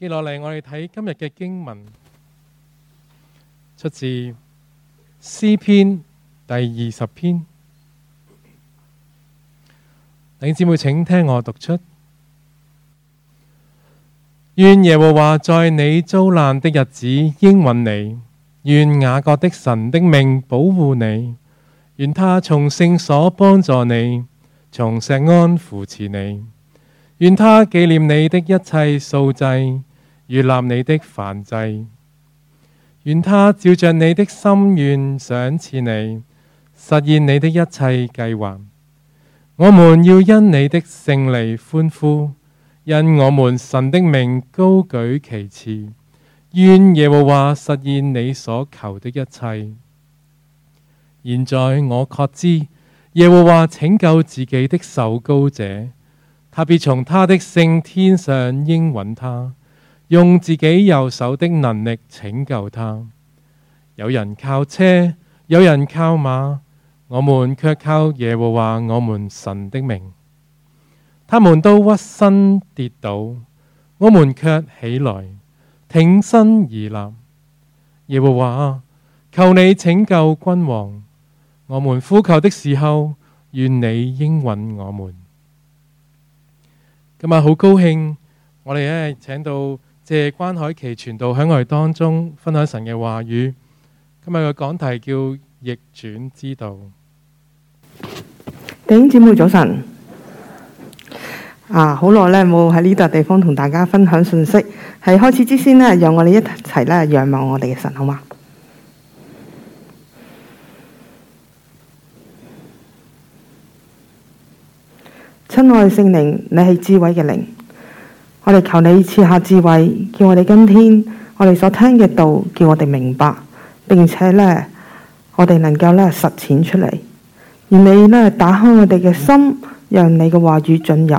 接落嚟，我哋睇今日嘅經文，出自詩篇第二十篇。弟兄姊妹，請聽我讀出：願耶和華在你遭難的日子應允你；願雅各的神的命保護你；願他從聖所幫助你，從石安扶持你；願他紀念你的一切數計。悅納你的燔祭，願他照着你的心願賞賜你，實現你的一切計劃。我們要因你的勝利歡呼，因我們神的名高舉其次。願耶和華實現你所求的一切。現在我確知耶和華拯救自己的受膏者，特別從他的聖天上應允他。用自己右手的能力拯救他。有人靠車，有人靠馬，我們卻靠耶和華，我們神的名。他們都屈身跌倒，我們卻起來，挺身而立。耶和華，求你拯救君王。我們呼求的時候，願你應允我們。今日好高興，我哋咧請到。謝關海琪傳道喺我哋當中分享神嘅話語。今日嘅講題叫逆轉之道。弟兄姊妹早晨，啊好耐，呢冇喺呢度地方同大家分享信息。喺開始之前呢，讓我哋一齊呢仰望我哋嘅神，好嘛？親愛聖靈，你係智慧嘅靈。我哋求你賜下智慧，叫我哋今天我哋所聽嘅道，叫我哋明白，並且呢，我哋能夠呢實踐出嚟。而你呢打開我哋嘅心，讓你嘅話語進入，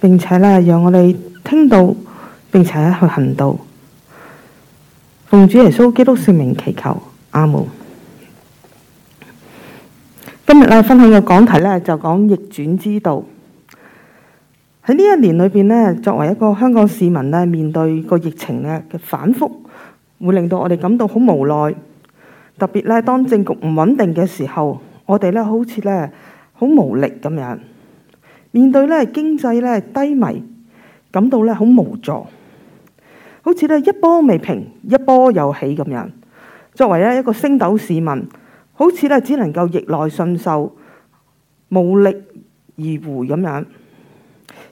並且呢，讓我哋聽道，並且去行道。奉主耶穌基督聖名祈求，阿門。今日呢分享嘅講題呢，就講逆轉之道。喺呢一年裏面呢，作為一個香港市民呢，面對個疫情呢嘅反覆，會令到我哋感到好無奈。特別呢，當政局唔穩定嘅時候，我哋呢好似呢好無力咁樣面對呢經濟呢低迷，感到呢好無助，好似呢一波未平一波又起咁樣。作為呢一個星斗市民，好似呢只能夠逆來順受，無力而回咁樣。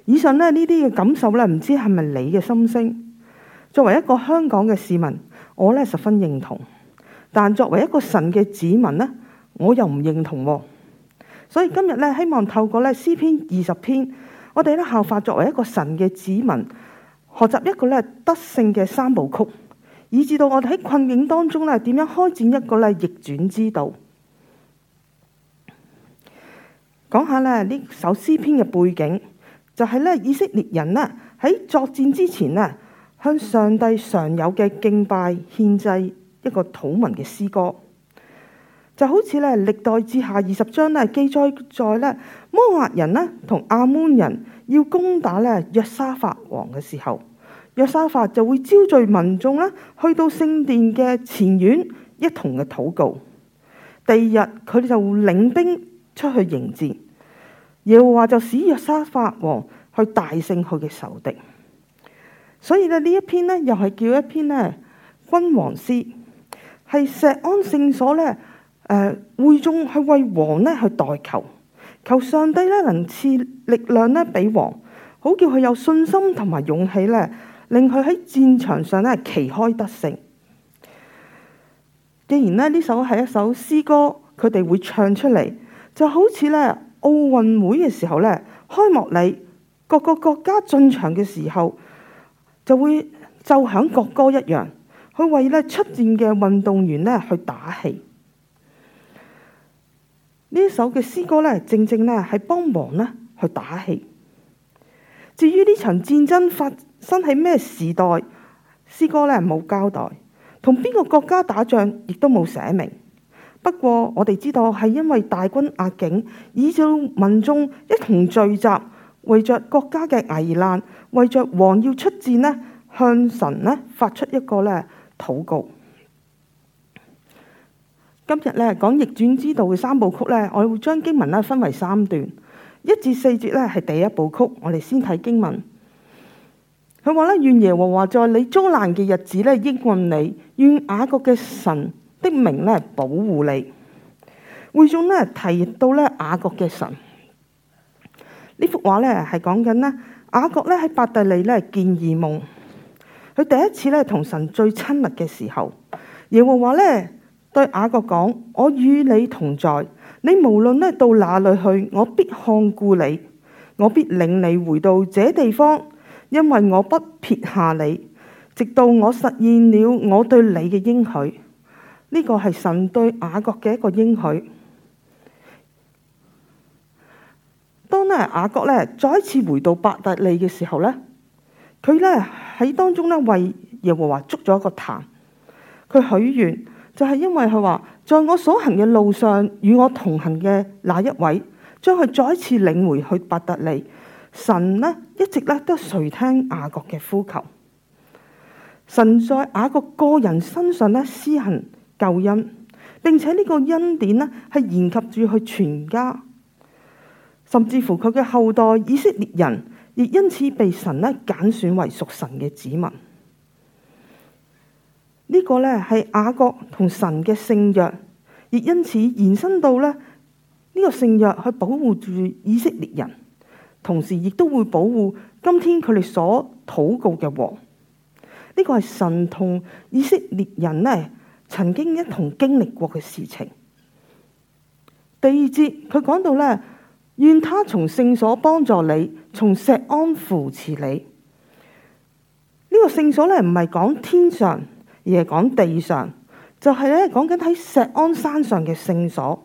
以上咧呢啲嘅感受呢，唔知係咪你嘅心聲？作為一個香港嘅市民，我呢十分認同。但作為一個神嘅子民呢，我又唔認同、哦。喎。所以今日呢，希望透過呢詩篇二十篇，我哋咧效法作為一個神嘅子民，學習一個呢得勝嘅三部曲，以至到我哋喺困境當中呢點樣開展一個咧逆轉之道。講下咧呢首詩篇嘅背景。就係咧，以色列人咧喺作戰之前咧，向上帝常有嘅敬拜獻祭一個土民嘅詩歌，就好似咧歷代志下二十章咧記載在咧摩押人咧同亞門人要攻打咧約沙法王嘅時候，約沙法就會召聚民眾咧去到聖殿嘅前院一同嘅禱告，第二日佢哋就會領兵出去迎戰。又話就使約沙法王去大勝佢嘅仇敵，所以呢，呢一篇咧又係叫一篇咧君王詩，係石安聖所咧誒、呃、會眾去為王咧去代求，求上帝咧能賜力量咧俾王，好叫佢有信心同埋勇氣咧，令佢喺戰場上咧旗開得勝。既然咧呢首係一首詩歌，佢哋會唱出嚟，就好似呢。奧運會嘅時候呢，開幕禮各個國家進場嘅時候，就會奏響國歌一樣，去為呢出戰嘅運動員呢去打氣。呢首嘅詩歌呢，正正呢係幫忙呢去打氣。至於呢場戰爭發生喺咩時代，詩歌呢冇交代，同邊個國家打仗亦都冇寫明。不過我哋知道係因為大軍壓境，以致民眾一同聚集，為着國家嘅危難，為着王要出戰咧，向神咧發出一個咧禱告。今日咧講逆轉之道嘅三部曲咧，我會將經文咧分為三段，一至四節咧係第一部曲，我哋先睇經文。佢話咧願耶和華在你遭難嘅日子咧，應允你願雅各嘅神。的名咧，保護你。會中咧提到咧，雅各嘅神呢幅畫咧，係講緊咧，雅各咧喺伯特利咧係見異夢。佢第一次咧同神最親密嘅時候，耶和華咧對雅各講：我與你同在，你無論咧到哪裏去，我必看顧你，我必領你回到這地方，因為我不撇下你，直到我實現了我對你嘅應許。呢個係神對雅各嘅一個應許。當呢雅各咧再一次回到伯特利嘅時候呢，佢咧喺當中咧為耶和華捉咗一個壇。佢許願就係、是、因為佢話：在我所行嘅路上，與我同行嘅那一位，將佢再一次領回去伯特利。神咧一直咧都垂聽雅各嘅呼求。神在雅各個人身上咧施行。救恩，並且呢個恩典呢係延及住佢全家，甚至乎佢嘅後代以色列人，亦因此被神呢揀選為屬神嘅子民。這個、呢個呢係雅各同神嘅聖約，亦因此延伸到呢呢、這個聖約去保護住以色列人，同時亦都會保護今天佢哋所禱告嘅王。呢、這個係神同以色列人呢。曾經一同經歷過嘅事情。第二節，佢講到呢：「願他從聖所幫助你，從錫安扶持你。」呢、呢個聖所呢，唔係講天上，而係講地上，就係呢，講緊喺錫安山上嘅聖所。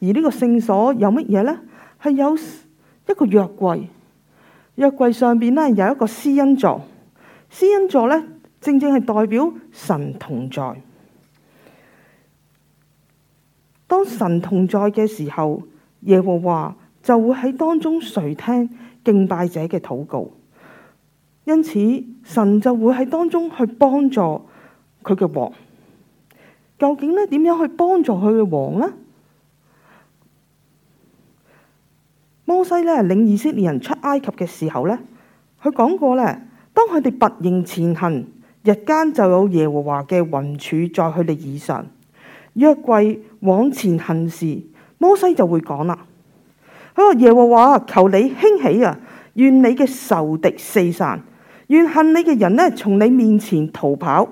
而呢個聖所有乜嘢呢？係有一個約櫃，約櫃上面呢有一個施恩座，施恩座呢，正正係代表神同在。當神同在嘅時候，耶和華就會喺當中垂聽敬拜者嘅禱告，因此神就會喺當中去幫助佢嘅王。究竟咧，點樣去幫助佢嘅王呢？摩西咧領以色列人出埃及嘅時候呢，佢講過呢，當佢哋拔營前行，日間就有耶和華嘅雲柱在佢哋以上。約櫃往前行時，摩西就會講啦。佢話耶和華，求你興起啊！願你嘅仇敵四散，願恨你嘅人呢從你面前逃跑。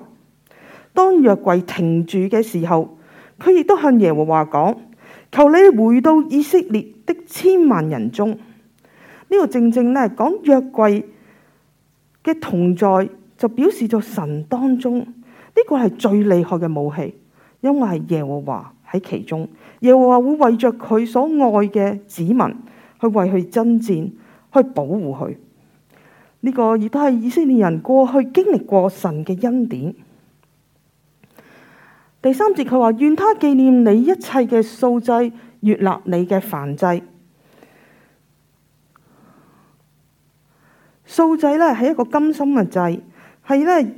當約櫃停住嘅時候，佢亦都向耶和華講：求你回到以色列的千萬人中。呢個正正呢講約櫃嘅同在，就表示咗神當中呢個係最厲害嘅武器。因為係耶和華喺其中，耶和華會為着佢所愛嘅子民去為佢征戰，去保護佢。呢、這個亦都係以色列人過去經歷過神嘅恩典。第三節佢話：願他紀念你一切嘅素祭，悦納你嘅燔祭。素祭呢係一個甘心嘅祭，係呢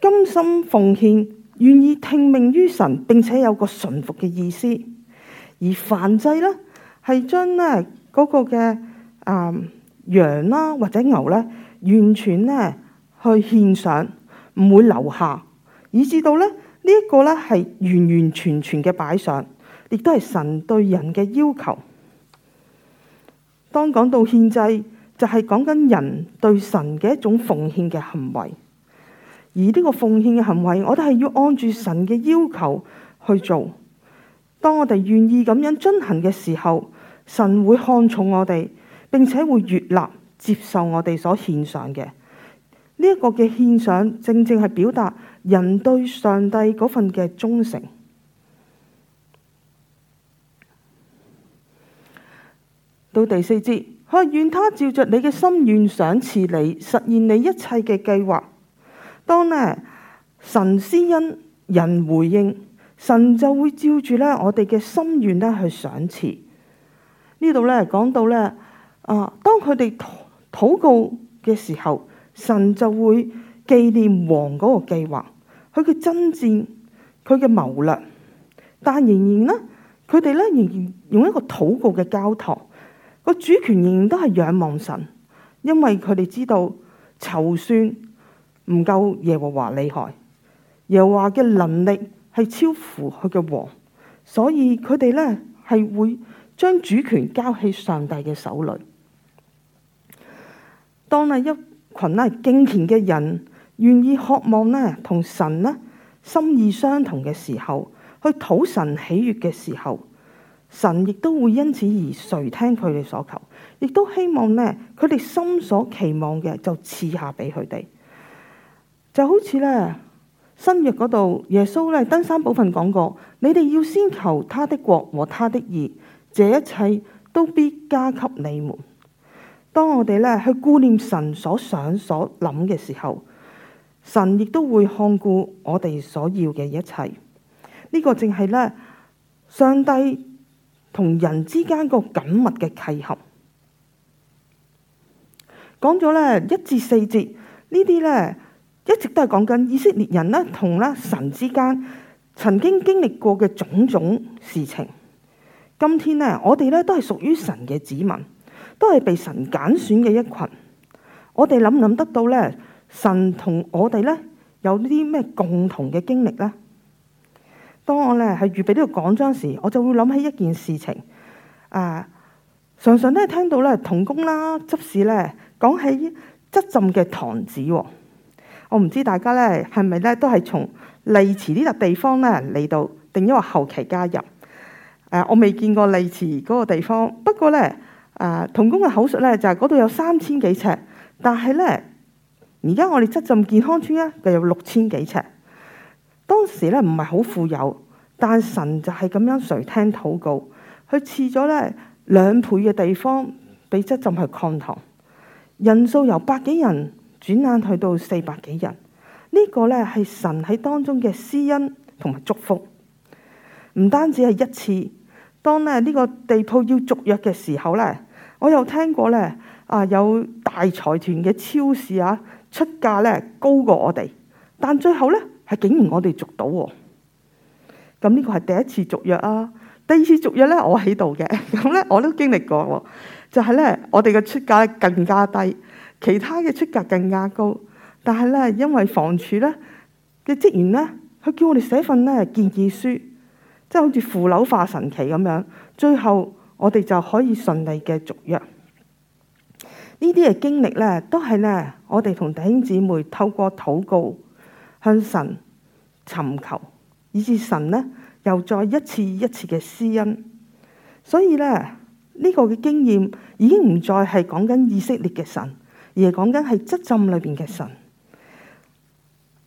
甘心奉獻。願意聽命於神，並且有個順服嘅意思；而燔祭呢，係將咧嗰個嘅、嗯、羊啦、啊、或者牛呢，完全呢去獻上，唔會留下，以至到咧呢一、這個呢，係完完全全嘅擺上，亦都係神對人嘅要求。當講到獻祭，就係講緊人對神嘅一種奉獻嘅行為。而呢個奉獻嘅行為，我都係要按住神嘅要求去做。當我哋願意咁樣遵行嘅時候，神會看重我哋，並且會悦納接受我哋所獻上嘅呢一個嘅獻上，正正係表達人對上帝嗰份嘅忠誠。到第四節，可願他照着你嘅心願賞賜你實現你一切嘅計劃？當咧神施恩人回應，神就會照住咧我哋嘅心願咧去賞賜。呢度咧講到咧啊，當佢哋禱告嘅時候，神就會紀念王嗰個計劃，佢嘅征戰，佢嘅謀略，但仍然呢，佢哋咧仍然用一個禱告嘅教堂，個主權仍然都係仰望神，因為佢哋知道籌算。唔夠耶和華厲害，耶和華嘅能力係超乎佢嘅王，所以佢哋呢係會將主權交喺上帝嘅手裏。當係一群呢敬虔嘅人願意渴望呢同神呢心意相同嘅時候，去討神喜悅嘅時候，神亦都會因此而垂聽佢哋所求，亦都希望呢，佢哋心所期望嘅就賜下俾佢哋。就好似呢，新約嗰度，耶穌呢，登山寶訓講過，你哋要先求他的國和他的義，這一切都必加給你們。當我哋呢去顧念神所想所諗嘅時候，神亦都會看顧我哋所要嘅一切。這個，正呢個淨係呢上帝同人之間個緊密嘅契合。講咗呢一至四節呢啲呢。一直都係講緊以色列人咧，同咧神之間曾經經歷過嘅種種事情。今天咧，我哋咧都係屬於神嘅子民，都係被神揀選嘅一群。我哋諗唔諗得到咧，神同我哋咧有啲咩共同嘅經歷咧？當我咧係預備呢個講章時，我就會諗起一件事情。啊，常常都係聽到咧，童工啦、執事咧，講起執浸嘅堂子喎、哦。我唔知大家咧係咪咧都係從利池呢笪地方咧嚟到，定因為後期加入？誒、呃，我未見過利池嗰個地方，不過咧，誒、呃，同工嘅口述咧就係嗰度有三千幾尺，但係咧，而家我哋質浸健康村咧就有六千幾尺。當時咧唔係好富有，但神就係咁樣垂聽禱告，佢賜咗咧兩倍嘅地方俾質浸去擴堂，人數由百幾人，轉眼去到四百幾人，呢、這個咧係神喺當中嘅施恩同埋祝福，唔單止係一次。當咧呢個地鋪要續約嘅時候咧，我又聽過咧啊有大財團嘅超市啊出價咧高過我哋，但最後咧係竟然我哋續到喎。咁、這、呢個係第一次續約啊，第二次續約咧我喺度嘅，咁咧我都經歷過，就係、是、咧我哋嘅出價更加低。其他嘅出格更加高，但係咧，因為房署咧嘅職員咧，佢叫我哋寫份咧建議書，即係好似腐朽化神奇咁樣，最後我哋就可以順利嘅續約。呢啲嘅經歷咧，都係咧我哋同弟兄姊妹透過禱告向神尋求，以致神咧又再一次一次嘅施恩。所以咧呢個嘅經驗已經唔再係講緊以色列嘅神。而講緊係浸浸裏面嘅神，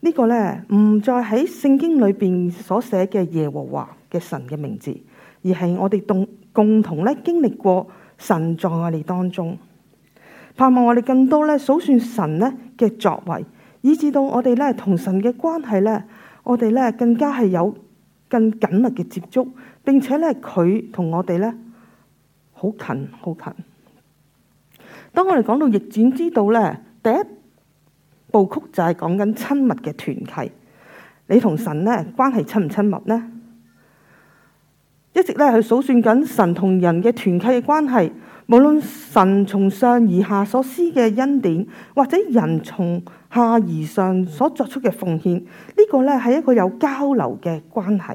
呢個呢，唔再喺聖經裏面所寫嘅耶和華嘅神嘅名字，而係我哋共同呢經歷過神在我哋當中，盼望我哋更多呢數算神呢嘅作為，以至到我哋呢同神嘅關係呢，我哋呢更加係有更緊密嘅接觸，並且呢，佢同我哋呢好近好近。當我哋講到逆轉之道呢，第一部曲就係講緊親密嘅團契。你同神呢關係親唔親密呢？一直呢去數算緊神同人嘅團契嘅關係。無論神從上而下所施嘅恩典，或者人從下而上所作出嘅奉獻，呢個呢係一個有交流嘅關係。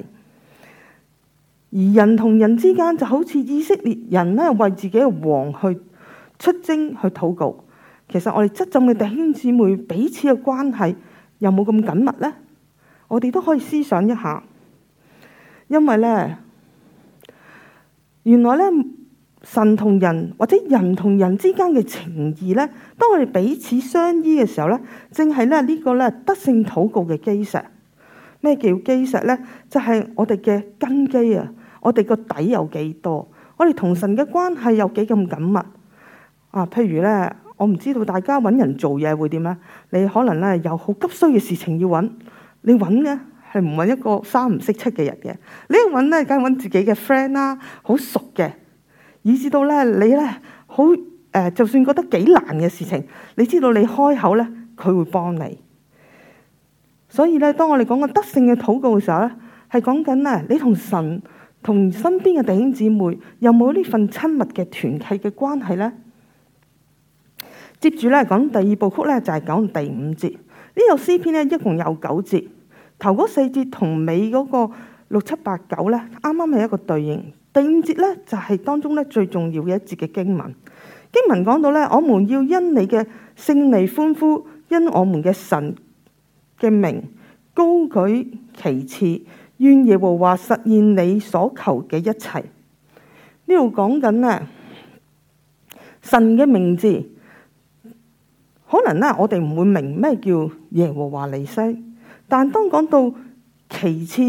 而人同人之間就好似以色列人呢為自己嘅王去。出征去禱告，其實我哋執浸嘅弟兄姊妹彼此嘅關係有冇咁緊密呢？我哋都可以思想一下，因為呢，原來呢，神同人或者人同人之間嘅情誼呢，當我哋彼此相依嘅時候呢，正係呢，呢個呢得勝禱告嘅基石。咩叫基石呢？就係我哋嘅根基啊！我哋個底有幾多？我哋同神嘅關係有幾咁緊密？啊，譬如咧，我唔知道大家揾人做嘢會點咧？你可能咧有好急需嘅事情要揾，你揾咧係唔揾一個三唔識七嘅人嘅。你揾咧，梗係揾自己嘅 friend 啦，好熟嘅。以至到咧，你咧好誒，就算覺得幾難嘅事情，你知道你開口咧，佢會幫你。所以咧，當我哋講個德性嘅禱告嘅時候咧，係講緊啊，你同神同身邊嘅弟兄姊妹有冇呢份親密嘅團契嘅關係咧？接住咧講第二部曲咧就係、是、講第五節呢度、這個、詩篇咧一共有九節，頭嗰四節同尾嗰個六七八九咧啱啱係一個對應，第五節咧就係、是、當中咧最重要嘅一節嘅經文。經文講到咧我們要因你嘅勝利歡呼，因我們嘅神嘅名高舉旗幟，願耶和華實現你所求嘅一切。呢度講緊咧神嘅名字。可能呢，我哋唔會明咩叫耶和華尼西，但當講到其次，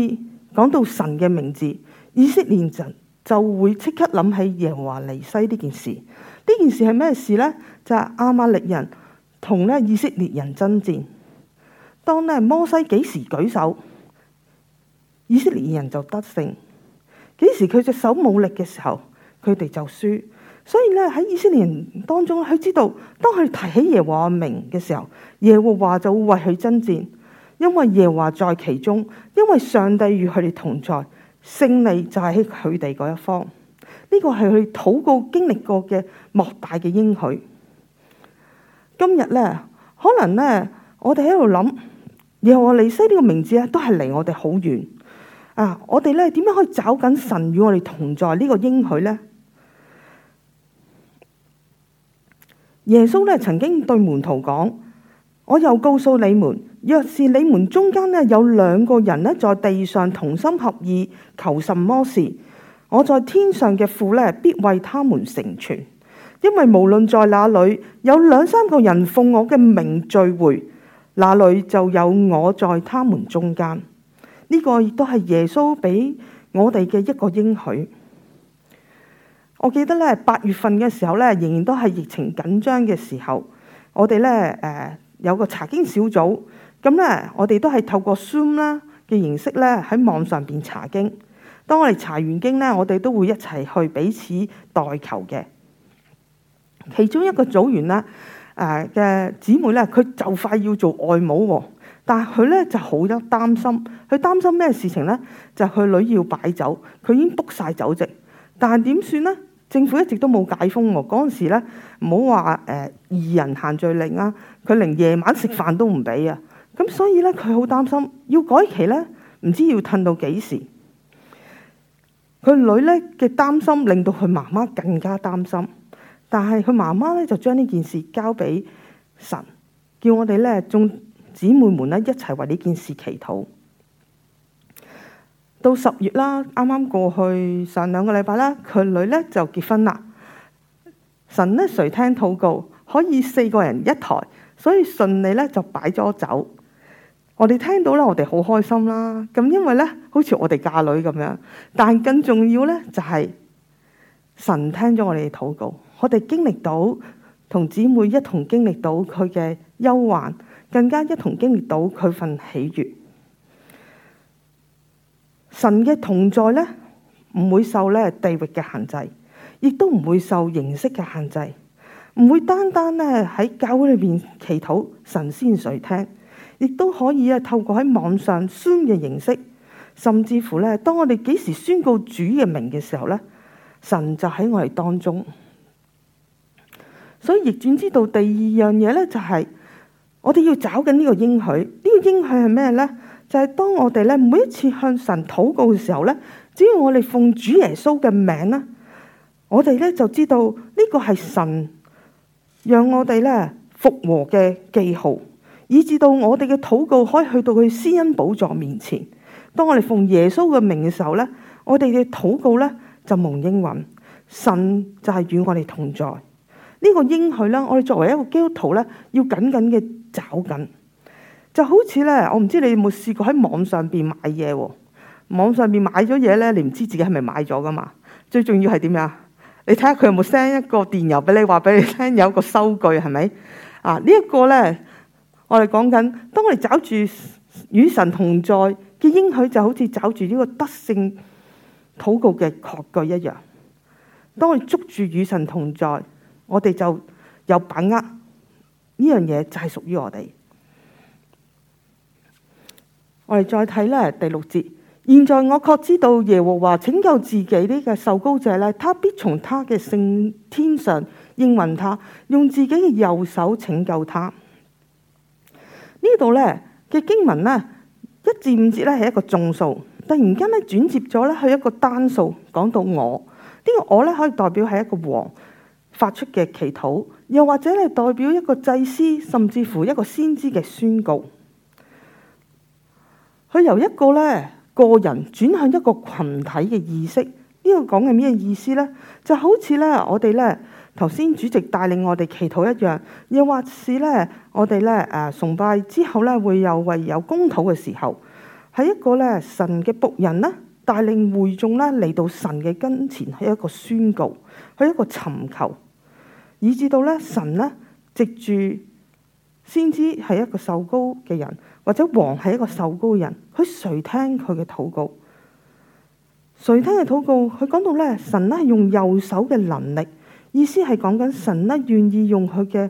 講到神嘅名字，以色列人就會即刻諗起耶和華尼西呢件事。呢件事係咩事呢？就係、是、阿瑪力人同咧以色列人爭戰。當呢，摩西幾時舉手，以色列人就得勝；幾時佢隻手冇力嘅時候，佢哋就輸。所以咧喺以色列人當中，佢知道當佢提起耶和華名嘅時候，耶和華就會為佢征戰，因為耶和華在其中，因為上帝與佢哋同在，勝利就係喺佢哋嗰一方。呢個係佢禱告經歷過嘅莫大嘅應許。今日咧，可能咧，我哋喺度諗，耶和尼西呢個名字咧，都係離我哋好遠啊！我哋咧點樣可以找緊神與我哋同在呢個應許咧？耶穌曾經對門徒講：我又告訴你們，若是你們中間有兩個人在地上同心合意求什麼事，我在天上嘅父咧必為他們成全，因為無論在哪裏有兩三個人奉我嘅名聚會，哪裏就有我在他們中間。呢、這個亦都係耶穌俾我哋嘅一個應許。我記得咧，八月份嘅時候咧，仍然都係疫情緊張嘅時候，我哋咧誒有個查經小組，咁咧我哋都係透過 Zoom 啦嘅形式咧喺網上邊查經。當我哋查完經咧，我哋都會一齊去彼此代求嘅。其中一個組員咧誒嘅姊妹咧，佢就快要做外母喎，但係佢咧就好有擔心，佢擔心咩事情咧？就係佢女要擺酒，佢已經 book 曬酒席，但係點算咧？政府一直都冇解封喎，嗰陣時咧，唔好話誒二人限聚令啊，佢連夜晚食飯都唔俾啊，咁所以咧佢好擔心，要改期咧，唔知要褪到幾時。佢女咧嘅擔心令到佢媽媽更加擔心，但係佢媽媽咧就將呢件事交俾神，叫我哋咧眾姊妹們咧一齊為呢件事祈禱。到十月啦，啱啱過去上兩個禮拜啦，佢女咧就結婚啦。神咧垂聽禱告，可以四個人一台，所以順利咧就擺咗酒。我哋聽到啦，我哋好開心啦。咁因為咧，好似我哋嫁女咁樣，但更重要咧就係神聽咗我哋嘅禱告，我哋經歷到同姊妹一同經歷到佢嘅憂患，更加一同經歷到佢份喜悅。神嘅同在咧，唔會受咧地域嘅限制，亦都唔會受形式嘅限制，唔會單單咧喺教會裏邊祈禱，神先垂聽？亦都可以啊，透過喺網上 Zoom 嘅形式，甚至乎咧，當我哋幾時宣告主嘅名嘅時候咧，神就喺我哋當中。所以逆轉之道第二樣嘢咧，就是，就係我哋要找緊呢個應許。呢、這個應許係咩咧？就係當我哋咧每一次向神禱告嘅時候咧，只要我哋奉主耶穌嘅名咧，我哋咧就知道呢個係神讓我哋咧復和嘅記號，以至到我哋嘅禱告可以去到佢嘅施恩寶座面前。當我哋奉耶穌嘅名嘅時候咧，我哋嘅禱告咧就蒙應允，神就係與我哋同在。呢、呢個應許啦，我哋作為一個基督徒咧，要緊緊嘅抓緊。就好似咧，我唔知你有冇試過喺網上邊買嘢喎、啊。網上邊買咗嘢咧，你唔知自己係咪買咗噶嘛？最重要係點樣？你睇下佢有冇 send 一個電郵俾你，話俾你聽有一個收據係咪？啊，這個、呢一個咧，我哋講緊，當我哋找住與神同在嘅應許，就好似找住呢個得勝禱告嘅確據一樣。當我哋捉住與神同在，我哋就有把握呢樣嘢就係屬於我哋。我哋再睇呢第六節，現在我確知道耶和華拯救自己呢個受膏者呢，他必從他嘅聖天上應允他，用自己嘅右手拯救他。呢度呢嘅經文呢一至五節呢係一個眾數，突然間呢轉接咗呢係一個單數，講到我呢個我呢可以代表係一個王發出嘅祈禱，又或者係代表一個祭司甚至乎一個先知嘅宣告。佢由一個咧個人轉向一個群體嘅意識，呢、這個講嘅咩意思咧？就好似咧我哋咧頭先主席帶領我哋祈禱一樣，又或是咧我哋咧誒崇拜之後咧會有為有公禱嘅時候，係一個咧神嘅僕人咧帶領會眾咧嚟到神嘅跟前，係一個宣告，係一個尋求，以至到咧神咧藉住先知係一個受膏嘅人。或者王係一個受膏人，佢誰聽佢嘅禱告？誰聽佢禱告？佢講到咧，神咧係用右手嘅能力，意思係講緊神咧願意用佢嘅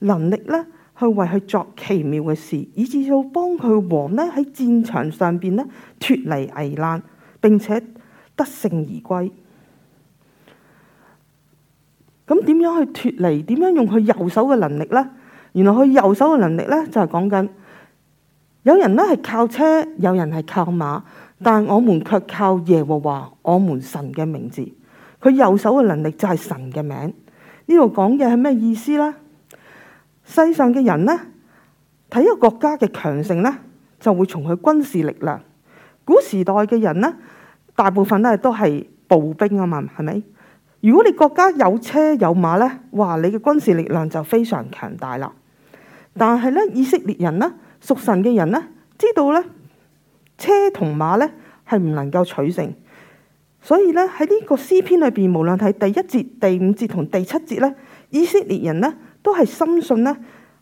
能力咧去為佢作奇妙嘅事，以致到幫佢王咧喺戰場上邊咧脫離危難並且得勝而歸。咁點樣去脫離？點樣用佢右手嘅能力呢？原來佢右手嘅能力呢，就係講緊。有人呢係靠車，有人係靠馬，但係我們卻靠耶和華，我們神嘅名字。佢右手嘅能力就係神嘅名。呢度講嘅係咩意思呢？世上嘅人呢，睇一個國家嘅強盛呢，就會從佢軍事力量。古時代嘅人呢，大部分咧都係步兵啊嘛，係咪？如果你國家有車有馬呢，哇，你嘅軍事力量就非常強大啦。但係呢，以色列人呢。屬神嘅人呢，知道呢車同馬呢係唔能夠取勝，所以呢，喺呢個詩篇裏邊，無論係第一節、第五節同第七節呢，以色列人呢都係深信呢，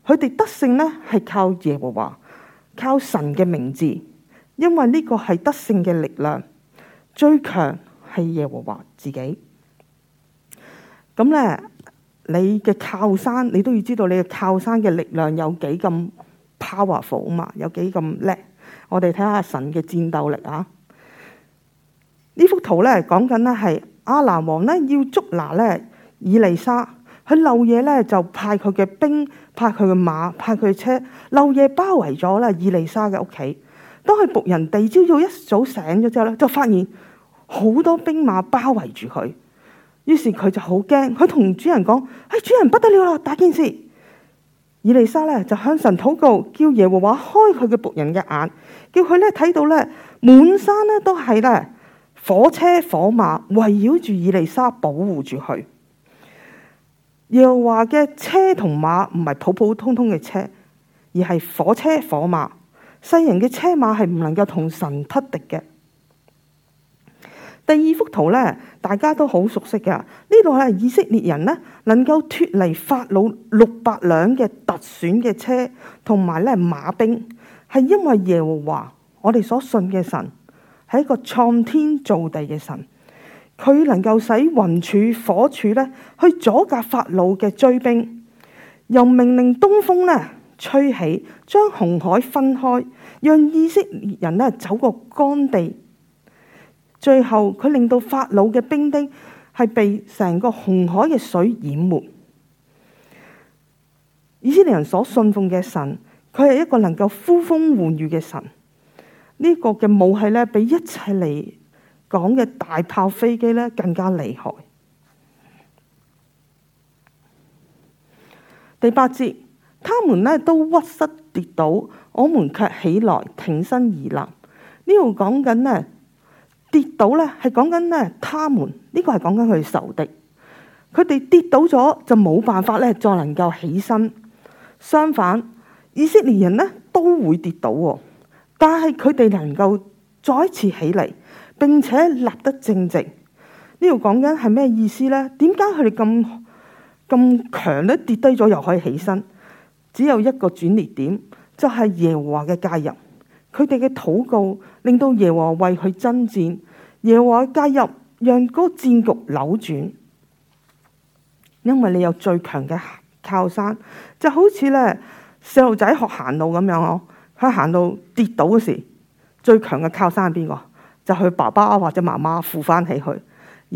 佢哋得勝呢係靠耶和華，靠神嘅名字，因為呢個係得勝嘅力量，最強係耶和華自己。咁呢，你嘅靠山，你都要知道你嘅靠山嘅力量有幾咁 powerful 嘛，Power ful，有幾咁叻？我哋睇下神嘅戰鬥力啊！呢幅圖咧，講緊咧係亞蘭王咧要捉拿咧以利沙，佢漏夜咧就派佢嘅兵、派佢嘅馬、派佢嘅車，漏夜包圍咗啦以利沙嘅屋企。當佢僕人第二朝早一早醒咗之後咧，就發現好多兵馬包圍住佢，於是佢就好驚，佢同主人講：哎，主人不得了啦，大件事！以利沙咧就向神禱告，叫耶和華開佢嘅僕人嘅眼，叫佢咧睇到咧滿山咧都係咧火車火馬，圍繞住以利沙，保護住佢。耶和華嘅車同馬唔係普普通通嘅車，而係火車火馬。世人嘅車馬係唔能夠同神匹敵嘅。第二幅圖咧，大家都好熟悉噶。呢度係以色列人咧，能夠脫離法老六百輛嘅特選嘅車同埋咧馬兵，係因為耶和華我哋所信嘅神係一個創天造地嘅神，佢能夠使雲柱火柱咧去阻隔法老嘅追兵，又命令東風咧吹起，將紅海分開，讓以色列人咧走過乾地。最後佢令到法老嘅兵丁係被成個紅海嘅水淹沒。以色列人所信奉嘅神，佢係一個能夠呼風喚雨嘅神。呢、這個嘅武器咧，比一切嚟講嘅大炮飛機咧更加厲害。第八節，他們咧都屈膝跌倒，我們卻起來挺身而立。呢度講緊咧。跌倒咧，係講緊咧，他們呢個係講緊佢哋仇敵，佢哋跌倒咗就冇辦法咧，再能夠起身。相反，以色列人咧都會跌倒喎，但係佢哋能夠再一次起嚟並且立得正直。呢度講緊係咩意思咧？點解佢哋咁咁強咧，跌低咗又可以起身？只有一個轉捩點，就係耶和華嘅介入。佢哋嘅禱告令到耶和華為佢爭戰，耶和華介入，讓嗰戰局扭轉。因為你有最強嘅靠山，就好似咧細路仔學行路咁樣哦。佢行到跌倒嘅時，最強嘅靠山係邊個？就係佢爸爸或者媽媽扶翻起佢。而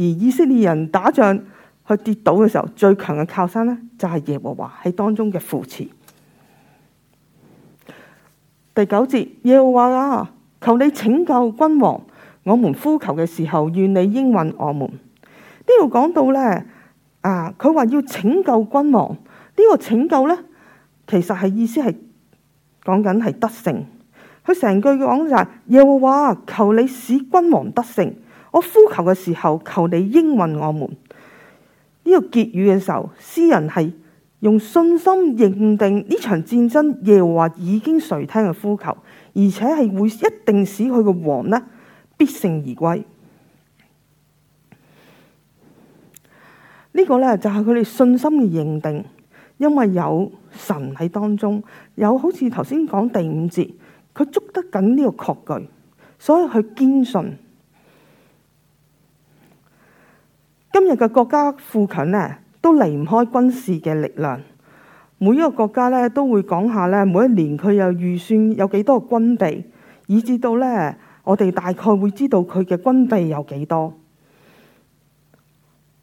以色列人打仗佢跌倒嘅時候，最強嘅靠山咧就係耶和華喺當中嘅扶持。第九節，耶和華啊，求你拯救君王，我們呼求嘅時候，願你應允我們。呢度講到咧，啊，佢話要拯救君王，呢個拯救咧，其實係意思係講緊係得勝。佢成句講就係耶和華，求你使君王得勝。我呼求嘅時候，求你應允我們。呢個結語嘅時候，詩人係。用信心認定呢場戰爭，耶和華已經垂聽佢嘅呼求，而且係會一定使佢嘅王呢必勝而歸。呢個呢，就係佢哋信心嘅認定，因為有神喺當中，有好似頭先講第五節，佢捉得緊呢個確據，所以佢堅信今日嘅國家富強，呢都離唔開軍事嘅力量。每一個國家咧都會講下咧，每一年佢又預算有幾多個軍備，以至到咧我哋大概會知道佢嘅軍備有幾多。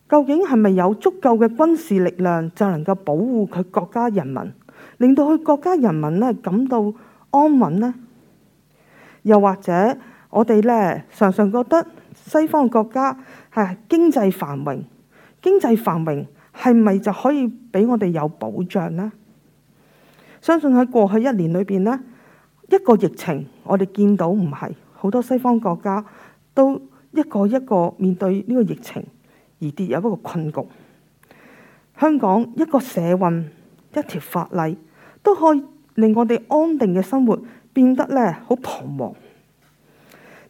究竟係咪有足夠嘅軍事力量，就能夠保護佢國家人民，令到佢國家人民咧感到安穩咧？又或者我哋咧常常覺得西方國家係經濟繁榮，經濟繁榮。係咪就可以俾我哋有保障呢？相信喺過去一年裏邊呢，一個疫情，我哋見到唔係好多西方國家都一個一個面對呢個疫情而跌入一個困局。香港一個社運一條法例都可以令我哋安定嘅生活變得呢好彷徨。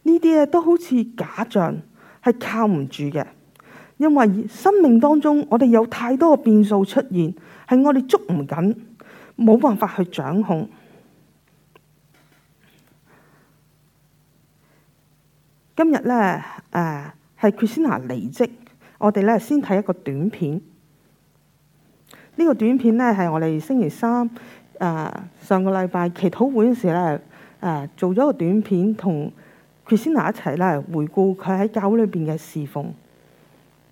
呢啲呢都好似假象，係靠唔住嘅。因為生命當中，我哋有太多嘅變數出現，係我哋捉唔緊，冇辦法去掌控。今日咧，誒、呃，係 Christina 離職，我哋呢先睇一個短片。呢、這個短片呢係我哋星期三誒、呃、上個禮拜祈禱會嗰時咧誒、呃、做咗個短片，同 Christina 一齊呢，回顧佢喺教會裏邊嘅侍奉。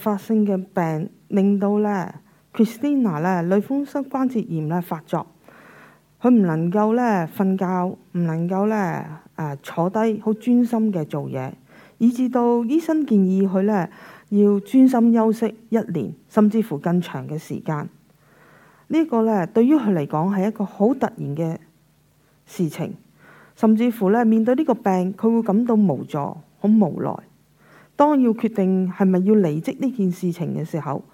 發生嘅病令到呢 Christina 呢，類風濕關節炎呢發作，佢唔能夠呢瞓覺，唔能夠呢啊、呃、坐低好專心嘅做嘢，以至到醫生建議佢呢要專心休息一年，甚至乎更長嘅時間。呢、這個呢對於佢嚟講係一個好突然嘅事情，甚至乎呢面對呢個病，佢會感到無助，好無奈。當要決定係咪要離職呢件事情嘅時候，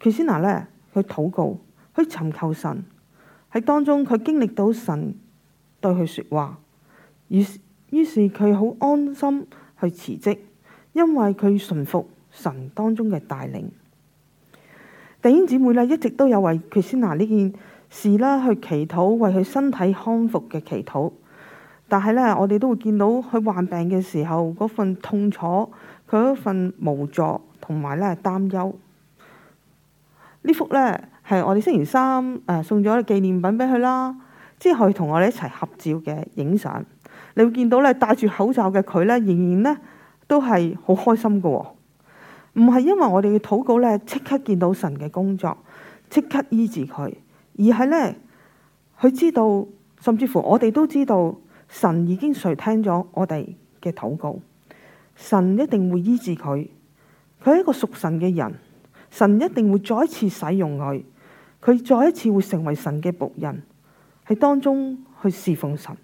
喬先拿呢去禱告，去尋求神，喺當中佢經歷到神對佢說話，於於是佢好安心去辭職，因為佢順服神當中嘅帶領。弟兄姊妹呢一直都有為喬先拿呢件事啦去祈禱，為佢身體康復嘅祈禱。但係呢，我哋都會見到佢患病嘅時候嗰份痛楚，佢嗰份無助同埋呢，擔憂。呢幅呢，係我哋星期三、呃、送咗紀念品俾佢啦，即係可以同我哋一齊合照嘅影相。你會見到呢戴住口罩嘅佢呢，仍然呢都係好開心㗎喎。唔係因為我哋嘅禱告呢，即刻見到神嘅工作，即刻醫治佢，而係呢，佢知道，甚至乎我哋都知道。神已經垂聽咗我哋嘅禱告，神一定會醫治佢。佢係一個屬神嘅人，神一定會再一次使用佢，佢再一次會成為神嘅僕人，喺當中去侍奉神。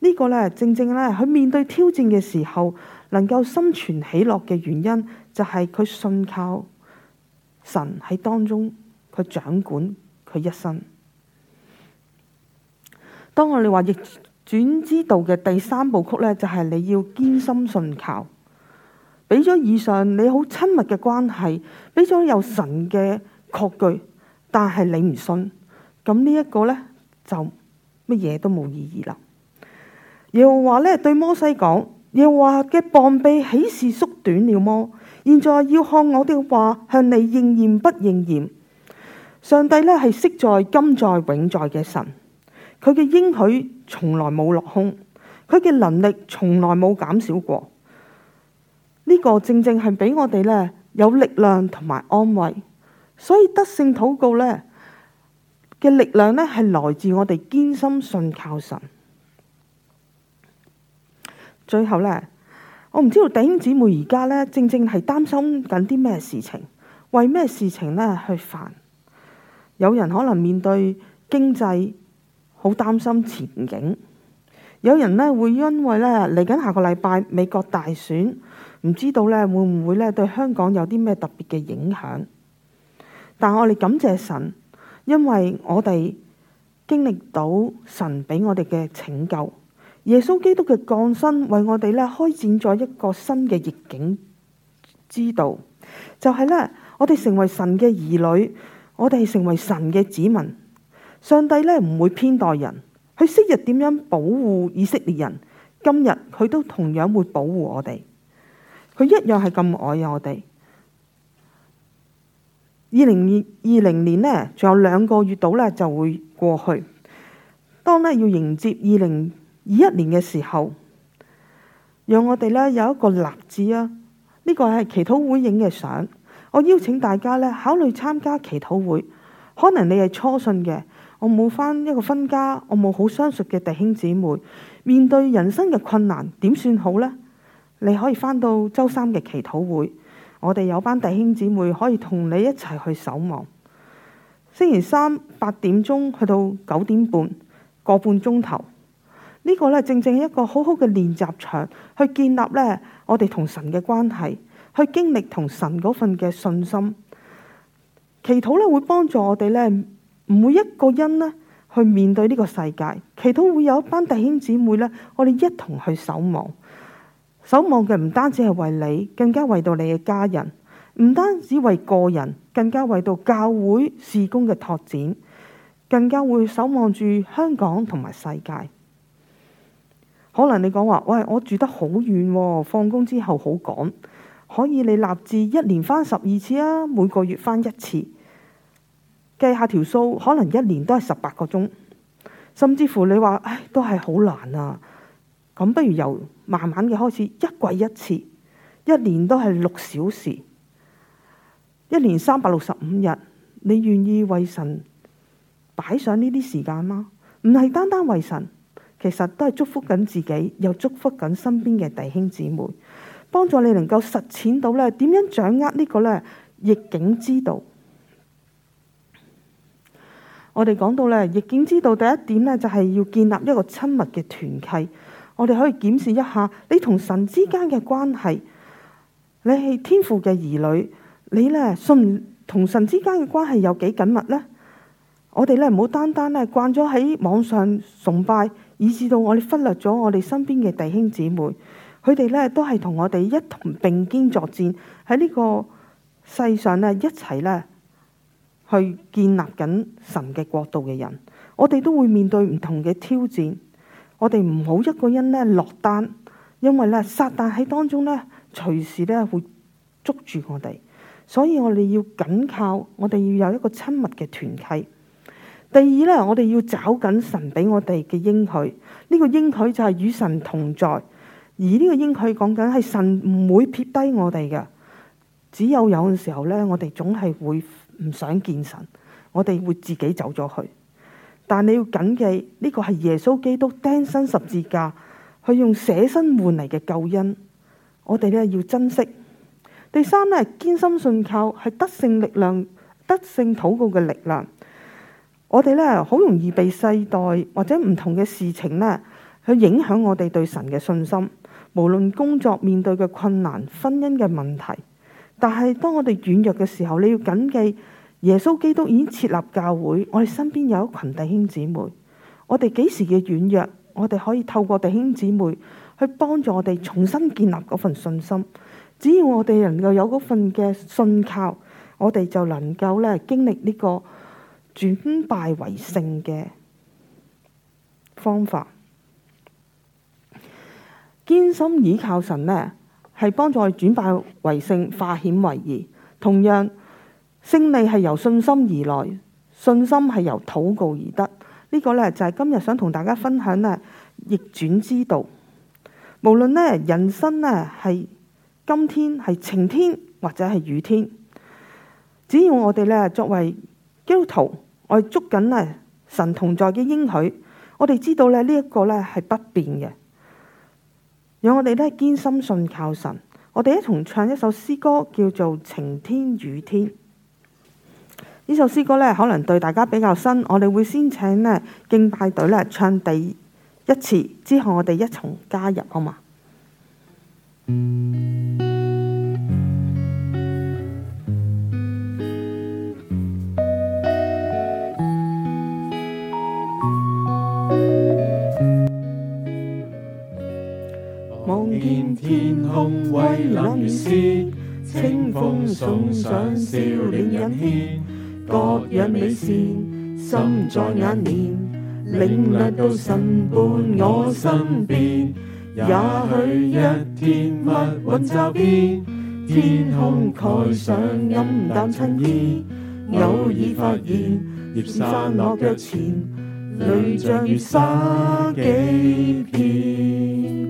呢、這個呢，正正呢，佢面對挑戰嘅時候，能夠心存喜樂嘅原因，就係、是、佢信靠神喺當中，佢掌管佢一生。當我哋話轉之道嘅第三部曲呢，就係、是、你要堅心信靠，俾咗以上你好親密嘅關係，俾咗有神嘅確據，但係你唔信，咁呢一個呢，就乜嘢都冇意義啦。耶和華呢對摩西講，耶和華嘅膀臂豈是縮短了麼？現在要看我的話向你應驗不應驗。上帝呢係昔在、今在、永在嘅神。佢嘅應許從來冇落空，佢嘅能力從來冇減少過。呢個正正係俾我哋呢有力量同埋安慰，所以得勝禱告呢嘅力量呢係來自我哋堅心信靠神。最後呢，我唔知道弟兄姊妹而家呢正正係擔心緊啲咩事情，為咩事情呢去煩？有人可能面對經濟。好擔心前景，有人咧會因為咧嚟緊下個禮拜美國大選，唔知道咧會唔會咧對香港有啲咩特別嘅影響。但我哋感謝神，因為我哋經歷到神俾我哋嘅拯救，耶穌基督嘅降生為我哋咧開展咗一個新嘅逆境之道，就係咧，我哋成為神嘅兒女，我哋成為神嘅子民。上帝呢唔會偏待人，佢昔日點樣保護以色列人，今日佢都同樣會保護我哋，佢一樣係咁愛我哋。二零二零年呢，仲有兩個月到呢就會過去。當呢要迎接二零二一年嘅時候，讓我哋呢有一個立志啊！呢個係祈禱會影嘅相，我邀請大家呢考慮參加祈禱會，可能你係初信嘅。我冇返一個分家，我冇好相熟嘅弟兄姊妹，面對人生嘅困難點算好呢？你可以返到周三嘅祈禱會，我哋有班弟兄姊妹可以同你一齊去守望。星期三八點鐘去到九點半，個半鐘頭呢個呢，正正係一個好好嘅練習場，去建立呢我哋同神嘅關係，去經歷同神嗰份嘅信心。祈禱呢會幫助我哋呢。每一個人咧去面對呢個世界，祈禱會有一班弟兄姊妹咧，我哋一同去守望。守望嘅唔單止係為你，更加為到你嘅家人；唔單止為個人，更加為到教會事工嘅拓展，更加會守望住香港同埋世界。可能你講話，喂，我住得好遠喎，放工之後好趕，可以你立志一年返十二次啊，每個月返一次。計下條數，可能一年都係十八個鐘，甚至乎你話唉都係好難啊！咁不如由慢慢嘅開始，一季一次，一年都係六小時，一年三百六十五日，你願意為神擺上呢啲時間嗎？唔係單單為神，其實都係祝福緊自己，又祝福緊身邊嘅弟兄姊妹，幫助你能夠實踐到呢，點樣掌握呢個咧逆境之道。我哋講到呢，逆境之道第一點呢，就係要建立一個親密嘅團契。我哋可以檢視一下你同神之間嘅關係。你係天父嘅兒女，你呢信同神之間嘅關係有幾緊密呢？我哋呢唔好單單呢慣咗喺網上崇拜，以至到我哋忽略咗我哋身邊嘅弟兄姊妹。佢哋呢都係同我哋一同並肩作戰，喺呢個世上呢一齊呢。去建立緊神嘅國度嘅人，我哋都會面對唔同嘅挑戰。我哋唔好一個人呢落單，因為呢，撒旦喺當中呢隨時呢會捉住我哋，所以我哋要緊靠，我哋要有一個親密嘅團契。第二呢，我哋要找緊神俾我哋嘅應許，呢個應許就係與神同在，而呢個應許講緊係神唔會撇低我哋嘅。只有有陣時候呢，我哋總係會。唔想見神，我哋會自己走咗去。但你要謹記，呢個係耶穌基督釘身十字架，去用捨身換嚟嘅救恩。我哋呢要珍惜。第三呢，係堅心信靠，係得勝力量、得勝禱告嘅力量。我哋呢好容易被世代或者唔同嘅事情呢去影響我哋對神嘅信心。無論工作面對嘅困難、婚姻嘅問題。但係，當我哋軟弱嘅時候，你要謹記耶穌基督已經設立教會，我哋身邊有一群弟兄姊妹。我哋幾時嘅軟弱，我哋可以透過弟兄姊妹去幫助我哋重新建立嗰份信心。只要我哋能夠有嗰份嘅信靠，我哋就能夠呢經歷呢個轉敗為勝嘅方法。堅心倚靠神呢。係幫助我哋轉敗為勝、化險為夷。同樣，勝利係由信心而來，信心係由禱告而得。呢、這個呢，就係、是、今日想同大家分享呢逆轉之道。無論呢，人生呢，係今天係晴天或者係雨天，只要我哋呢，作為基督徒，我哋捉緊呢神同在嘅應許，我哋知道呢一個呢，係不變嘅。讓我哋呢，堅心信靠神，我哋一同唱一首詩歌叫做《晴天雨天》。呢首詩歌呢，可能對大家比較新，我哋會先請呢敬拜隊嚟唱第一次，之後我哋一同加入啊嘛。好嗎？嗯望見天空蔚藍如洗，清風送上笑臉引牽，各樣美善心在眼簾，領略到神伴我身邊。也許一天物運驟變，天空蓋上暗淡襯衣，偶爾發現葉沙落腳前，淚像雨灑幾片。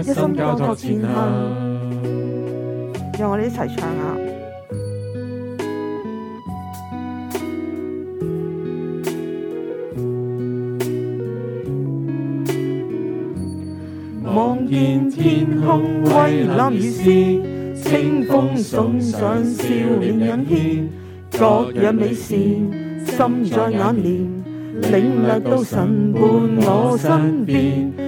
一心交託前行，讓我哋一齊唱啊！望見天空蔚藍如絲，清風送上笑臉迎天。各樣美善，心在眼前，領略到神伴我身邊。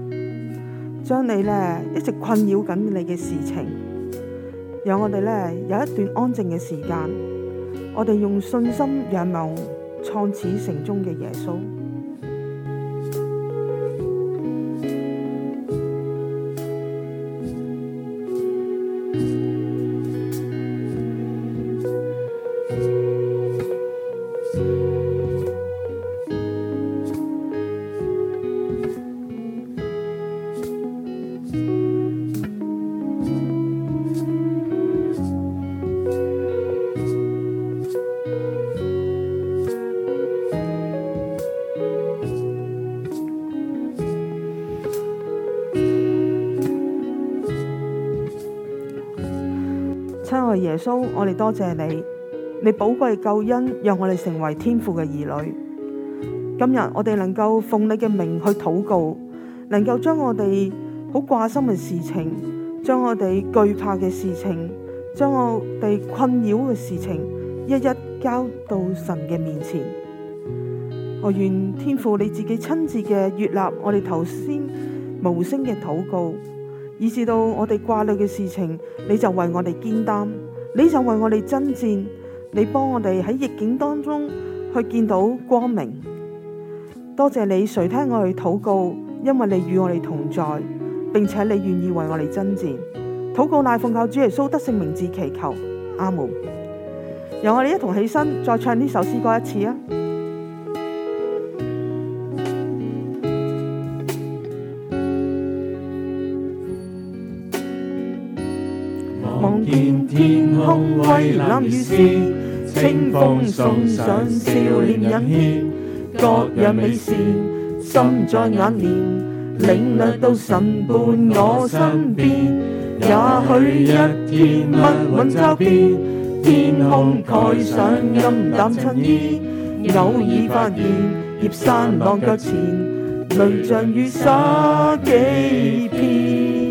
將你呢一直困擾緊你嘅事情，讓我哋呢有一段安靜嘅時間，我哋用信心仰望創始成終嘅耶穌。耶穌，我哋多謝，謝你，你寶貴救恩，讓我哋成為天父嘅兒女。今日我哋能夠奉你嘅名去禱告，能夠將我哋好掛心嘅事情，將我哋懼怕嘅事情，將我哋困擾嘅事情，一一交到神嘅面前。我願天父你自己親自嘅悅納我哋頭先無聲嘅禱告，以至到我哋掛慮嘅事情，你就為我哋肩擔。你就為我哋征戰，你幫我哋喺逆境當中去見到光明。多謝你垂聽我哋嘅禱告，因為你與我哋同在，並且你願意為我哋征戰。禱告乃奉教主耶穌得勝名字祈求，阿門。由我哋一同起身，再唱呢首詩歌一次啊！望見天空蔚藍如是，清風送上少年隱現，各樣美事心在眼簾，領略到神伴我身邊。也許一天不吻周邊，天空蓋上陰淡襯衣，偶爾發現葉山落腳前，雷像雨灑幾片。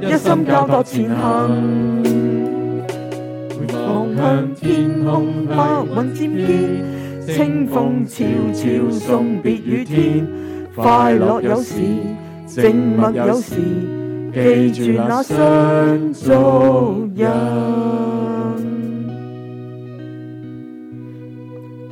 一心交託前行，望向天空，白雲漸變，清風悄悄送別雨天。快樂有時，靜默有時，記住那雙足印。